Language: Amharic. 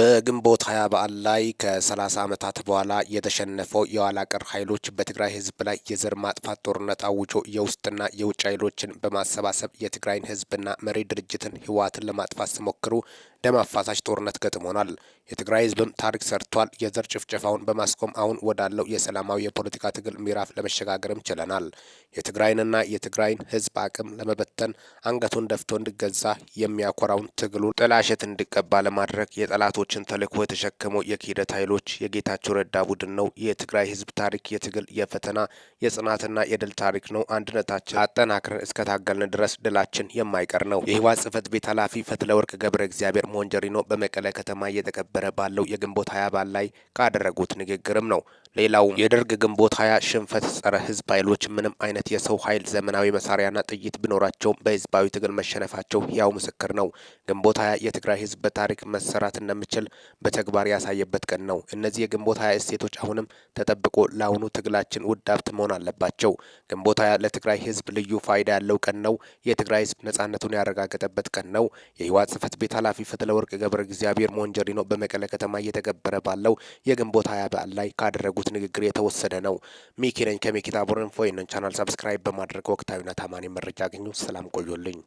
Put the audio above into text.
በግንቦት ሀያ በዓል ላይ ከሰላሳ ዓመታት በኋላ የተሸነፈው የኋላ ቀር ኃይሎች በትግራይ ህዝብ ላይ የዘር ማጥፋት ጦርነት አውጆ የውስጥና የውጭ ኃይሎችን በማሰባሰብ የትግራይን ህዝብና መሪ ድርጅትን ህወሓትን ለማጥፋት ሲሞክሩ ደም አፋሳሽ ጦርነት ገጥሞናል። የትግራይ ህዝብም ታሪክ ሰርቷል። የዘር ጭፍጨፋውን በማስቆም አሁን ወዳለው የሰላማዊ የፖለቲካ ትግል ምዕራፍ ለመሸጋገርም ችለናል። የትግራይንና የትግራይን ህዝብ አቅም ለመበተን አንገቱን ደፍቶ እንዲገዛ የሚያኮራውን ትግሉን ጥላሸት እንዲቀባ ለማድረግ የጠላቶች የአርበኞችን ተልዕኮ የተሸከመው የክህደት ኃይሎች የጌታቸው ረዳ ቡድን ነው። የትግራይ ህዝብ ታሪክ የትግል የፈተና የጽናትና የድል ታሪክ ነው። አንድነታችን አጠናክረን እስከታገልን ድረስ ድላችን የማይቀር ነው። የህወሓት ጽህፈት ቤት ኃላፊ ፈትለወርቅ ገብረ እግዚአብሔር ሞንጀሪኖ በመቀለ ከተማ እየተከበረ ባለው የግንቦት ሀያ በዓል ላይ ካደረጉት ንግግርም ነው ሌላው የደርግ ግንቦት ሀያ ሽንፈት ጸረ ህዝብ ኃይሎች ምንም አይነት የሰው ኃይል ዘመናዊ መሳሪያና ጥይት ቢኖራቸውም በህዝባዊ ትግል መሸነፋቸው ያው ምስክር ነው። ግንቦት ሀያ የትግራይ ህዝብ በታሪክ መሰራት እንደሚችል በተግባር ያሳየበት ቀን ነው። እነዚህ የግንቦት ሀያ እሴቶች አሁንም ተጠብቆ ለአሁኑ ትግላችን ውድ ሀብት መሆን አለባቸው። ግንቦት ሀያ ለትግራይ ህዝብ ልዩ ፋይዳ ያለው ቀን ነው። የትግራይ ህዝብ ነጻነቱን ያረጋገጠበት ቀን ነው። የህወሓት ጽህፈት ቤት ኃላፊ ፈትለወርቅ ገብረ እግዚአብሔር ሞንጀሪኖ በመቀለ ከተማ እየተገበረ ባለው የግንቦት ሀያ በዓል ላይ ካደረጉ ካደረጉት ንግግር የተወሰደ ነው። ሚኪ ነኝ ከሚኪታ ይህንን ቻናል ሰብስክራይብ በማድረግ ወቅታዊና ታማኒ መረጃ አግኙ። ሰላም ቆዩልኝ።